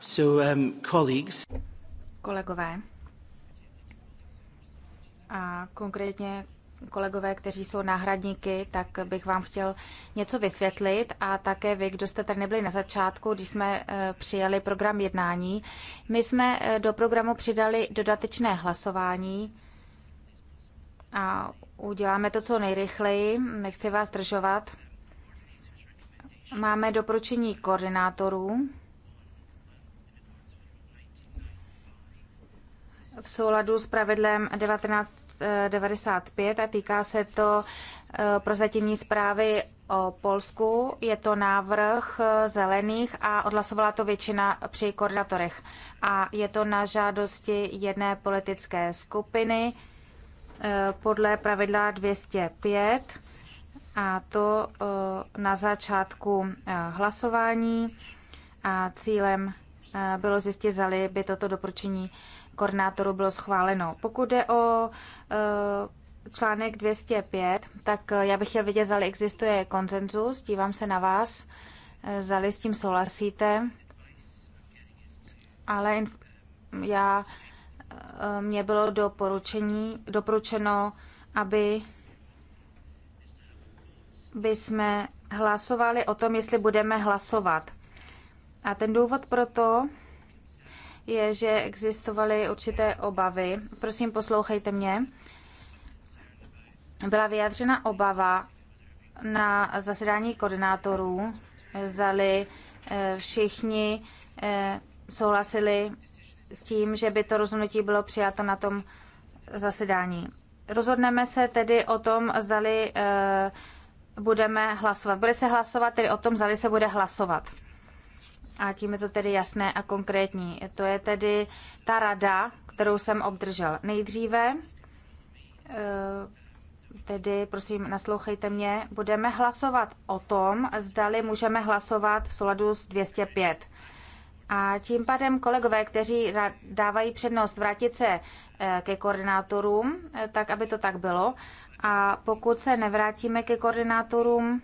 So, um, colleagues. Kolegové. A konkrétně kolegové, kteří jsou náhradníky, tak bych vám chtěl něco vysvětlit a také vy, kdo jste tady nebyli na začátku, když jsme eh, přijali program jednání. My jsme eh, do programu přidali dodatečné hlasování a uděláme to co nejrychleji, nechci vás držovat. Máme doporučení koordinátorů. v souladu s pravidlem 1995 a týká se to eh, prozatímní zprávy o Polsku. Je to návrh eh, zelených a odhlasovala to většina při koordinatorech. A je to na žádosti jedné politické skupiny eh, podle pravidla 205 a to na začátku hlasování a cílem bylo zjistit, zali by toto doporučení koordinátorů bylo schváleno. Pokud je o e, článek 205, tak e, já bych chtěl vidět, zali existuje konsenzus. Dívám se na vás, e, zali s tím souhlasíte. Ale já, mě bylo doporučení, doporučeno, aby by jsme hlasovali o tom, jestli budeme hlasovat. A ten důvod pro to je, že existovaly určité obavy. Prosím, poslouchejte mě. Byla vyjádřena obava na zasedání koordinátorů, zdali eh, všichni eh, souhlasili s tím, že by to rozhodnutí bylo přijato na tom zasedání. Rozhodneme se tedy o tom, zdali eh, budeme hlasovat. Bude se hlasovat tedy o tom, zdali se bude hlasovat. A tím je to tedy jasné a konkrétní. To je tedy ta rada, kterou jsem obdržel nejdříve. Eh, tedy prosím, naslouchejte mě. Budeme hlasovat o tom, zdali můžeme hlasovat v souladu s 205. A tím pádem kolegové, kteří dávají přednost vrátit se eh, ke koordinátorům, eh, tak aby to tak bylo. A pokud se nevrátíme ke koordinátorům,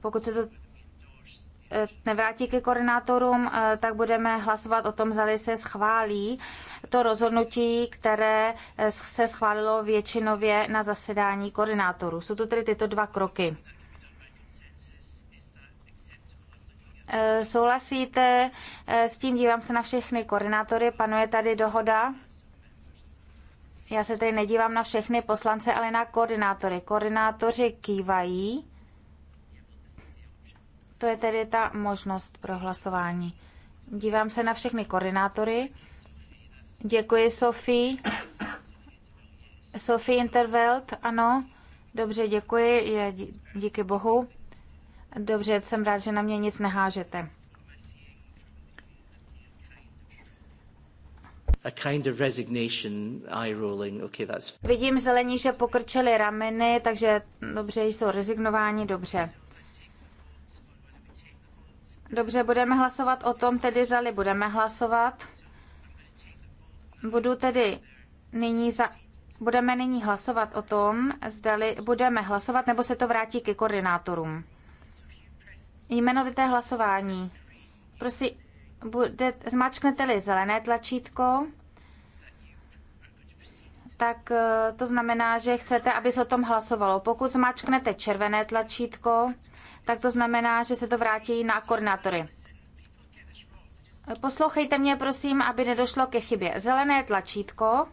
pokud se to nevrátí ke koordinátorům, eh, tak budeme hlasovat o tom, zda se schválí to rozhodnutí, které eh, se schválilo většinově na zasedání koordinátorů. Jsou to tedy tyto dva kroky. Eh, souhlasíte s tím, dívám se na všechny koordinátory, panuje tady dohoda. Já se tedy nedívám na všechny poslance, ale na koordinátory. Koordinátoři kývají. To je tedy ta možnost pro hlasování. Dívám se na všechny koordinátory. Děkuji, Sofie. Sofie Intervelt, ano. Dobře, děkuji, je, díky bohu. Dobře, jsem rád, že na mě nic nehážete. a kind of resignation, eye rolling. Okay, that's... Vidím zelení, že pokrčili rameny, takže dobře, jsou rezignováni, dobře. Dobře, budeme hlasovat o tom, tedy zali budeme hlasovat. Budu tedy nyní za, budeme nyní hlasovat o tom, zdali budeme hlasovat, nebo se to vrátí ke koordinátorům. Jmenovité hlasování. Prosím, bude, zmáčknete-li zelené tlačítko, tak eh, to znamená, že chcete, aby se o tom hlasovalo. Pokud zmáčknete červené tlačítko, tak to znamená, že se to vrátí na koordinátory. Poslouchejte mě, prosím, aby nedošlo ke chybě. Zelené tlačítko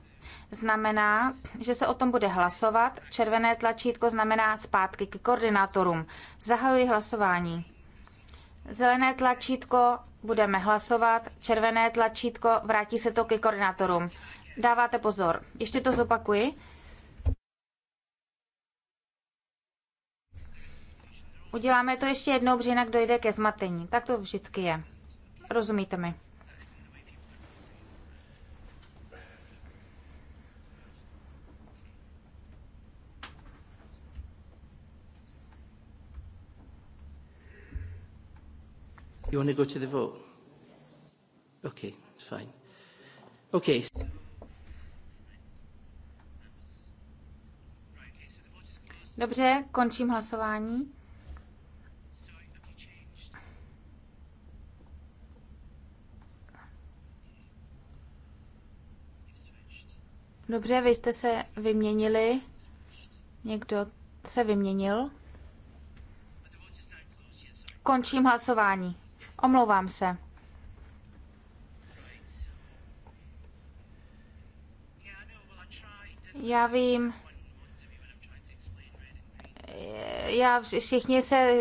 znamená, že se o tom bude hlasovat. Červené tlačítko znamená zpátky k koordinátorům. Zahajuji hlasování. Zelené tlačítko, budeme hlasovat. Červené tlačítko, vrátí se to ke koordinátorům. Dáváte pozor. Ještě to zopakuji. Uděláme to ještě jednou, protože jinak dojde ke zmatení. Tak to vždycky je. Rozumíte mi? You want to go to the vote? Okay, fine. Okay. Dobře, končím hlasování. Dobře, vy jste se vyměnili. Někdo se vyměnil. Končím hlasování. Omlouvám se. Já vím. Já všichni se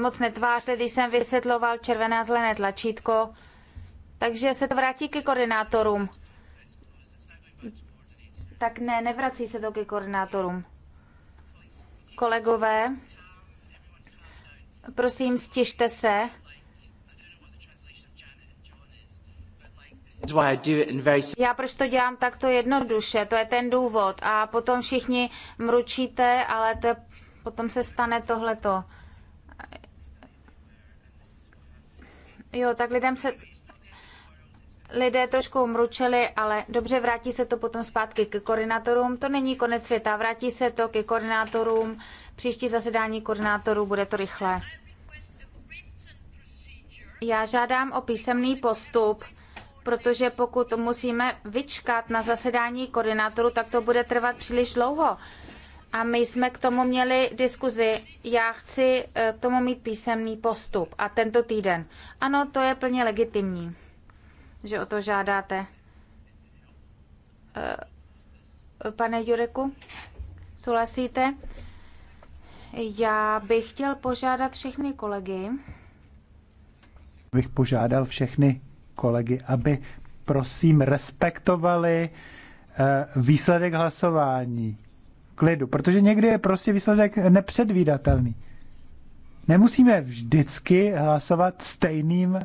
moc netvářili, když jsem vysvětloval červené a zelené tlačítko. Takže se to vrátí ke koordinátorům. Tak ne, nevrací se to ke koordinátorům. Kolegové, prosím, stěžte se. Já proč to dělám takto jednoduše, to je ten důvod. A potom všichni mručíte, ale to je, potom se stane tohleto. Jo, tak lidem se lidé trošku mručeli, ale dobře, vrátí se to potom zpátky ke koordinátorům. To není konec světa, vrátí se to ke koordinátorům. Příští zasedání koordinátorů bude to rychlé. Já žádám o písemný postup, protože pokud musíme vyčkat na zasedání koordinátorů, tak to bude trvat příliš dlouho. A my jsme k tomu měli diskuzi. Já chci eh, k tomu mít písemný postup a tento týden. Ano, to je plně legitimní že o to žádáte. Eh, pane Jureku, souhlasíte? Já bych chtěl požádat všechny kolegy. Bych požádal všechny kolegy, aby prosím respektovali eh, výsledek hlasování klidu, protože někdy je prostě výsledek nepředvídatelný. Nemusíme vždycky hlasovat stejným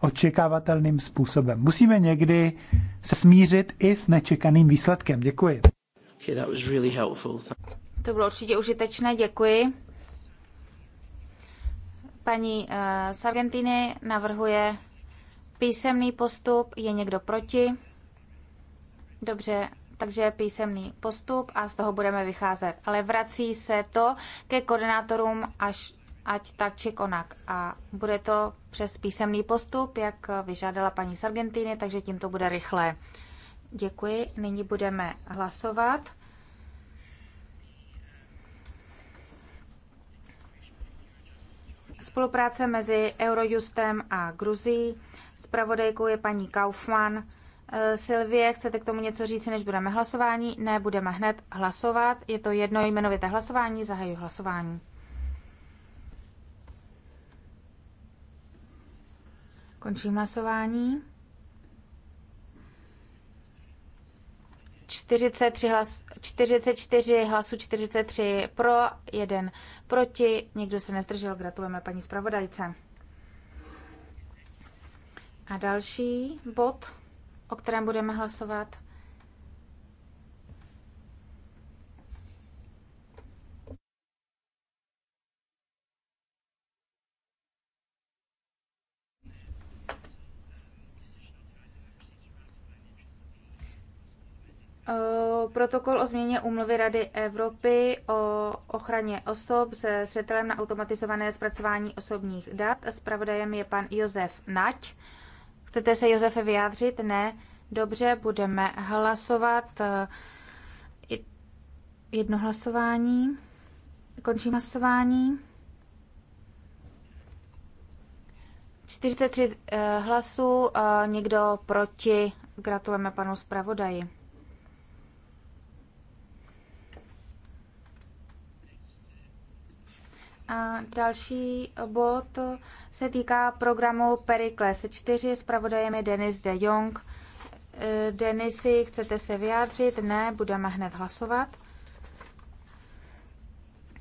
očekávatelným způsobem. Musíme někdy se smířit i s nečekaným výsledkem. Děkuji. Okay, that was really helpful. To bylo určitě užitečné, děkuji. Paní uh, z Argentiny navrhuje písemný postup. Je někdo proti? Dobře, takže písemný postup a z toho budeme vycházet. Ale vrací se to ke koordinátorům až ať tak či konak. A bude to přes písemný postup, jak vyžádala paní z Argentiny, takže tím to bude rychlé. Děkuji. Nyní budeme hlasovat. Spolupráce mezi Eurojustem a Gruzí. Spravodajkou je paní Kaufmann. Eh, Silvie, chcete k tomu něco říct, než budeme hlasování? Ne, budeme hned hlasovat. Je to jedno jmenovité hlasování, zahaju hlasování. Končím hlasování. 43 hlas, 44 hlasů, 43 pro, 1 proti, nikdo se nezdržel. Gratulujeme paní zpravodajce. A další bod, o kterém budeme hlasovat, Eh, protokol o změně úmluvy Rady Evropy o ochraně osob se zřetelem na automatizované zpracování osobních dat. Spravodajem je pan Josef Nať. Chcete se, Josefe, vyjádřit? Ne. Dobře, budeme hlasovat eh, jedno hlasování. Končím hlasování. 43 eh, hlasů, někdo proti. Gratulujeme panu zpravodaji. A další bod se týká programu Perikles 4. Spravodajem je Denis de Jong. Eh, Denisi, chcete se vyjádřit? Ne, budeme hned hlasovat.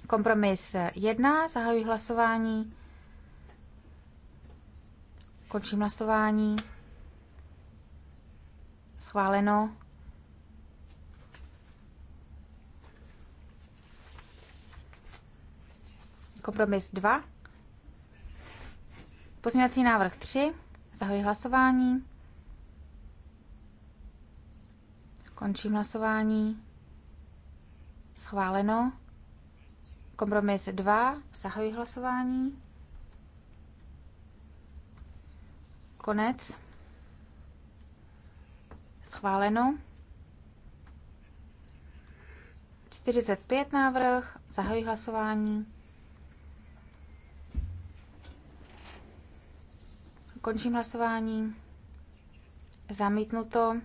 Kompromis 1, zahajuji hlasování. Končím hlasování. Schváleno. Kompromis 2. Pozměňovací návrh 3. Zahoji hlasování. Končím hlasování. Schváleno. Kompromis 2. Zahoji hlasování. Konec. Schváleno. 45 návrh. Zahoji hlasování. Končím hlasování. Zamítnuto.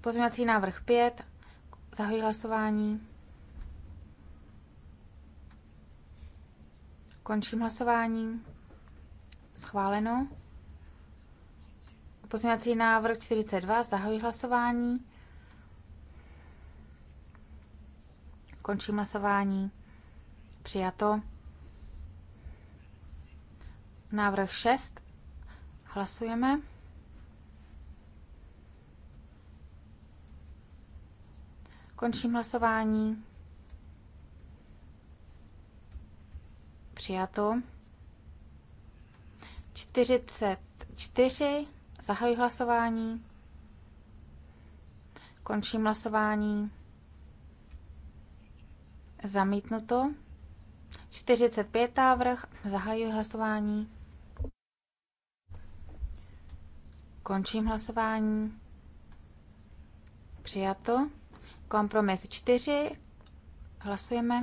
Pozměňovací návrh 5. Zahoji hlasování. Končím hlasování. Schváleno. Pozměňovací návrh 42. Zahoji hlasování. Končím hlasování. Přijato. Návrh 6. Hlasujeme. Končím hlasování. Přijato. 44. Zahajuji hlasování. Končím hlasování. Zamítnuto. 45. návrh. Zahajuji hlasování. Končím hlasování. Přijato. Kompromis 4. Hlasujeme.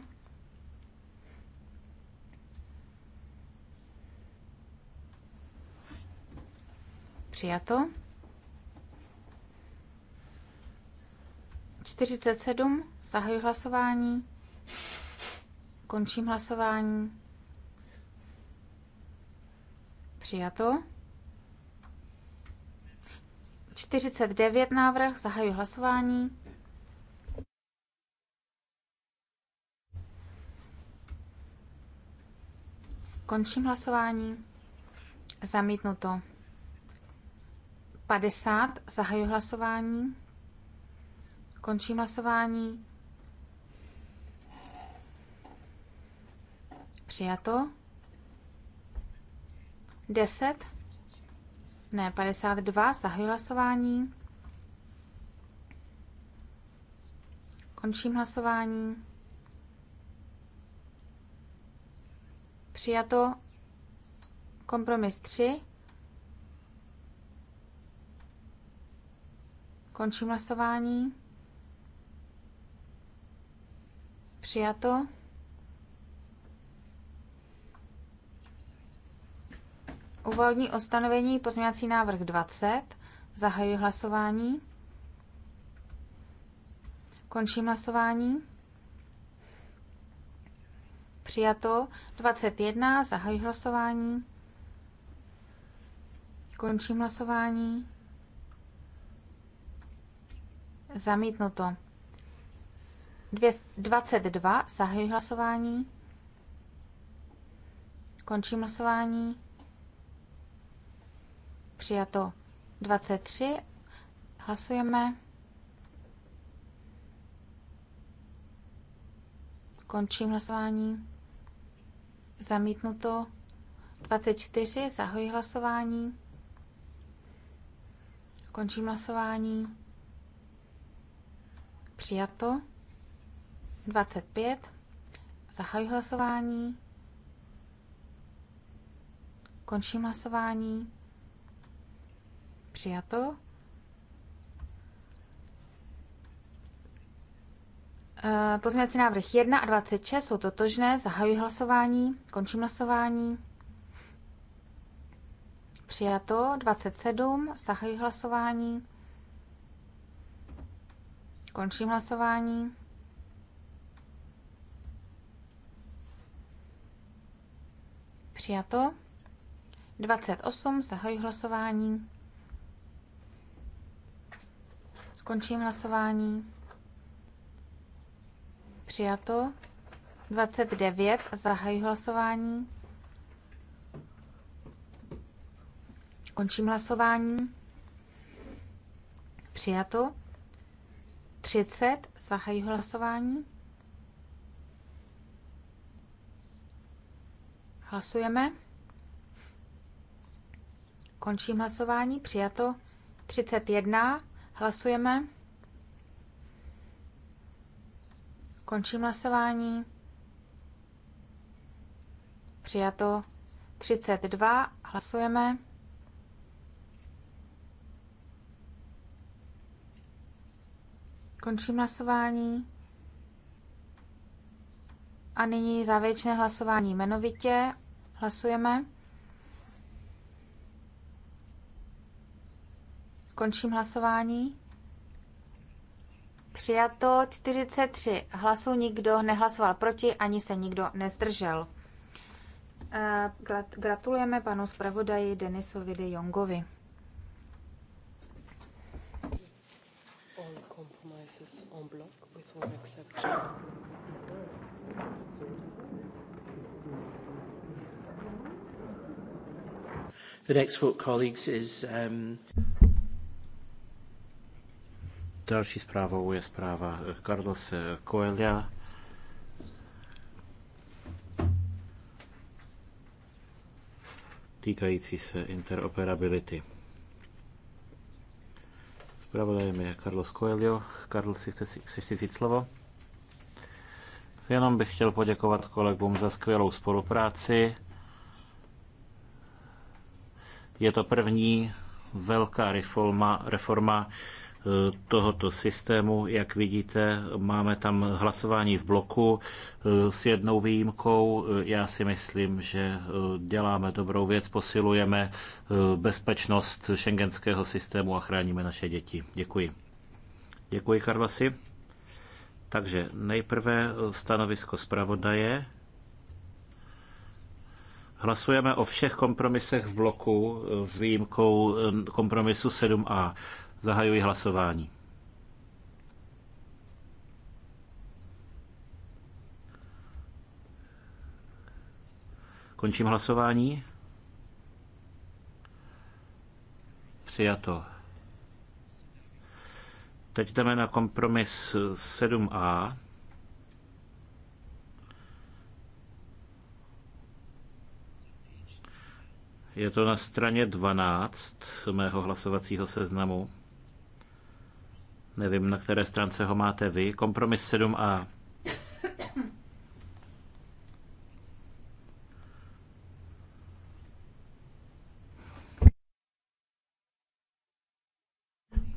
Přijato. 47. Zahajuji hlasování. Končím hlasování. Přijato. 49 návrh, zahaju hlasování. Končím hlasování. Zamítnuto. 50, zahaju hlasování. Končím hlasování. Přijato. 10, ne, 52, zahajuji hlasování. Končím hlasování. Přijato kompromis 3. Končím hlasování. Přijato. Uvolní ostanovení pozměňovací návrh 20. Zahajuji hlasování. Končím hlasování. Přijato 21. Zahajuji hlasování. Končím hlasování. Zamítnuto. 22. Zahajuji hlasování. Končím hlasování. Přijato 23. Hlasujeme. Končím hlasování. Zamítnuto 24. Zahoji hlasování. Končím hlasování. Přijato 25. Zahajuji hlasování. Končím hlasování. Přijato. E, pozměňovací návrh 1 a 26 jsou totožné. Zahajuji hlasování, končím hlasování. Přijato 27, zahajuji hlasování. Končím hlasování. Přijato 28, zahajuji hlasování. Končím hlasování. Přijato. 29. Zahajuji hlasování. Končím hlasování. Přijato. 30. Zahajuji hlasování. Hlasujeme. Končím hlasování. Přijato. 31. Hlasujeme. Končím hlasování. Přijato 32. Hlasujeme. Končím hlasování. A nyní závěrečné hlasování jmenovitě. Hlasujeme. Končím hlasování. Přijato 43 hlasů, nikdo nehlasoval proti, ani se nikdo nezdržel. Eh, gratulujeme panu zpravodaji Denisovi de Jongovi. The next vote, colleagues, is um... Další zprávou je zpráva Carlos Coelia. týkající se interoperability. Zpravodajem je Carlos Coelho. Carlos, si chce, si, si vzít slovo? Jenom bych chtěl poděkovat kolegům za skvělou spolupráci. Je to první velká reforma, reforma Eh, tohoto systému. Jak vidíte, máme tam hlasování v bloku eh, s jednou výjimkou. Eh, já si myslím, že děláme dobrou věc, posilujeme bezpečnost šengenského systému a chráníme naše děti. Děkuji. Děkuji, Karvasi. Takže nejprve stanovisko zpravodaje. Hlasujeme o všech kompromisech v bloku s výjimkou kompromisu 7a. Zahajuji hlasování. Končím hlasování. Přijato. Teď jdeme na kompromis 7a. Je to na straně 12 mého hlasovacího seznamu. Nevím, na které stránce ho máte vy. Kompromis 7a.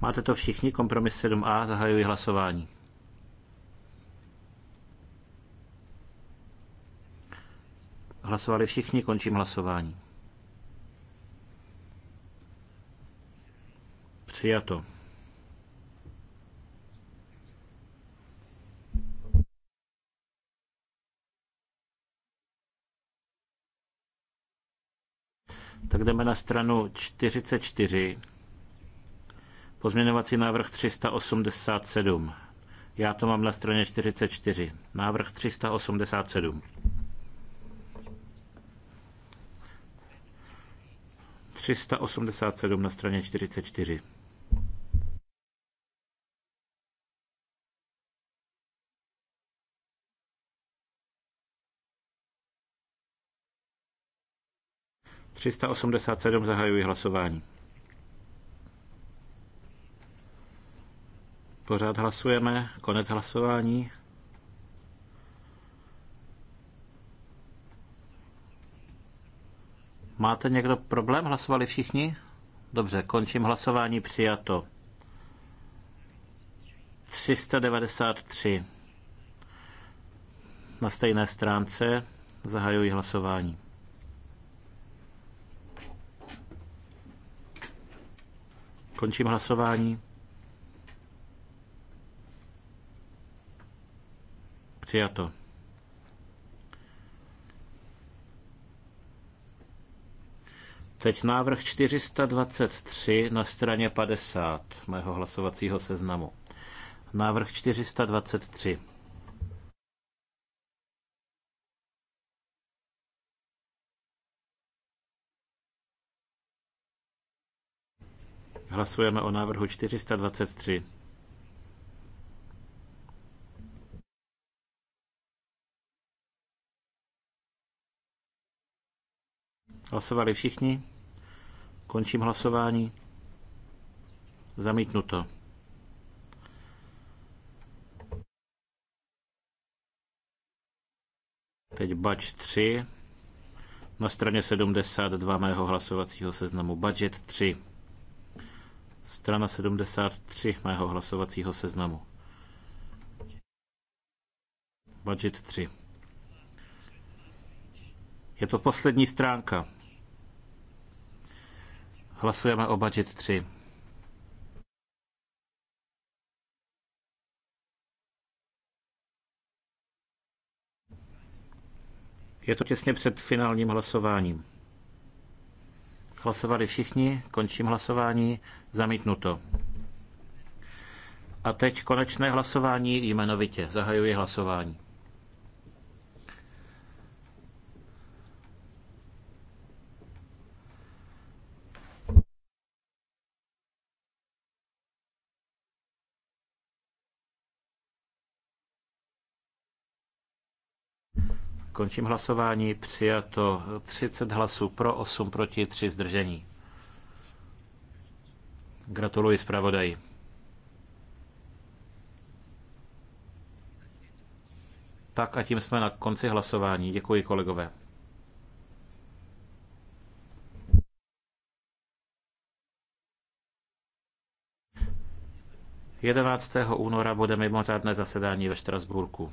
Máte to všichni, kompromis 7a, zahajuji hlasování. Hlasovali všichni, končím hlasování. Přijato. Tak jdeme na stranu 44. Pozměňovací návrh 387. Já to mám na straně 44. Návrh 387. 387 na straně 44. 387 zahajuji hlasování. Pořád hlasujeme, konec hlasování. Máte někdo problém? Hlasovali všichni? Dobře, končím hlasování, přijato. 393. Na stejné stránce zahajuji hlasování. Končím hlasování. Přijato. Teď návrh 423 na straně 50 mého hlasovacího seznamu. Návrh 423. Hlasujeme o návrhu 423. Hlasovali všichni? Končím hlasování. Zamítnuto. Teď bač 3. Na straně 72 mého hlasovacího seznamu budget 3. Strana 73 mého hlasovacího seznamu. Budget 3. Je to poslední stránka. Hlasujeme o budget 3. Je to těsně před finálním hlasováním. Hlasovali všichni, končím hlasování, zamítnuto. A teď konečné hlasování jmenovitě. Zahajuji hlasování. Končím hlasování. Přijato 30 hlasů pro, 8 proti, 3 zdržení. Gratuluji zpravodaji. Tak a tím jsme na konci hlasování. Děkuji kolegové. Jedenáctého února bude mimořádné zasedání ve Štrasburku.